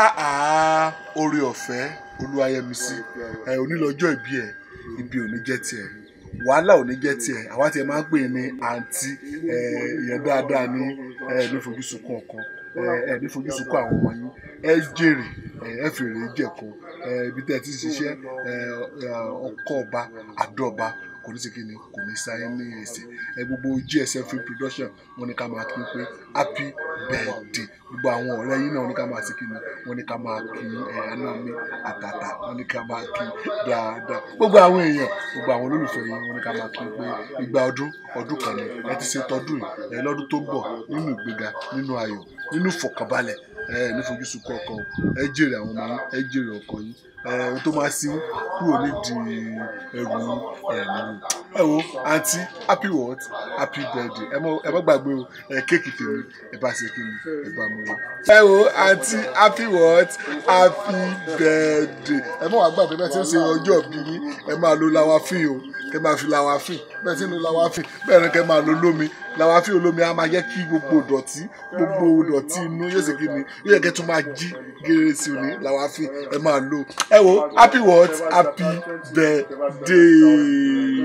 Ah, ah. oore ọ̀fẹ́ olúwayẹmísí ẹ onílọ́jọ́ ìbí ẹ ibi ò ní jẹ́ tiẹ̀ wàhálà ò ní jẹ́ tiẹ̀ àwa tiẹ̀ máa ń pè ní àǹtí ìyẹn dáadáa ní ẹ ní fojú sunkún ọkọ ẹ ní fojú sunkún àwọn ọmọ yín ẹ jèrè ẹfìrè jẹko ibi tẹ ti ṣiṣẹ́ ọkọ ọba adọba kò ní sí kí ni kò ní sáyé ní èsì ẹ gbogbo GSM film production wọ́n ní ká máa kí pé happy birthday gbogbo àwọn ọ̀rẹ́ yín náà wọ́n ní ká máa sí kí ni wọ́n ní ká máa kí ẹ̀ẹ́nà mi àtàtà wọ́n ní ká máa kí dáadáa gbogbo àwọn èèyàn gbogbo àwọn olólùfẹ́ yín wọ́n ní ká máa kí pé ìgbà ọdún ọdún kan ni ẹ ti ṣe tọdún ẹ lọ́dún tó ń bọ̀ nínú ìgbéga nínú ayọ̀ nínú ìfọ̀kànbalẹ̀ ẹ nífojúsùn kọ̀ọ̀kan ẹ jèrè àwọn ọmọ yín ẹ jèrè ọkọ yín ohun tó máa sin kúrò nídìí ẹrù ẹ̀rù ẹ wo àǹtí happy what happy birthday ẹ má gbàgbé o ẹ kéèkì tèmi ẹ bá ṣe kí ni ẹ bá mú wa. ẹ wo àǹtí happy what happy birthday ẹ má wàá gbàgbé bá ti ń ṣe ọjọ́ bí yín ẹ máa lo lawa fi o kẹ máa fi làwáfì bẹ́ẹ̀ sínú làwáfì bẹ́ẹ̀ ni kẹ máa lo lómi làwáfì olómi á máa jẹ́ kí gbogbo ìdọ̀tí gbogbo ìdọ̀tí inú yóò sì kí ni yóò yẹ kẹ tún máa jí gèrè sí òní làwáfì ẹ máa lò ẹ wo happy what happy birthday.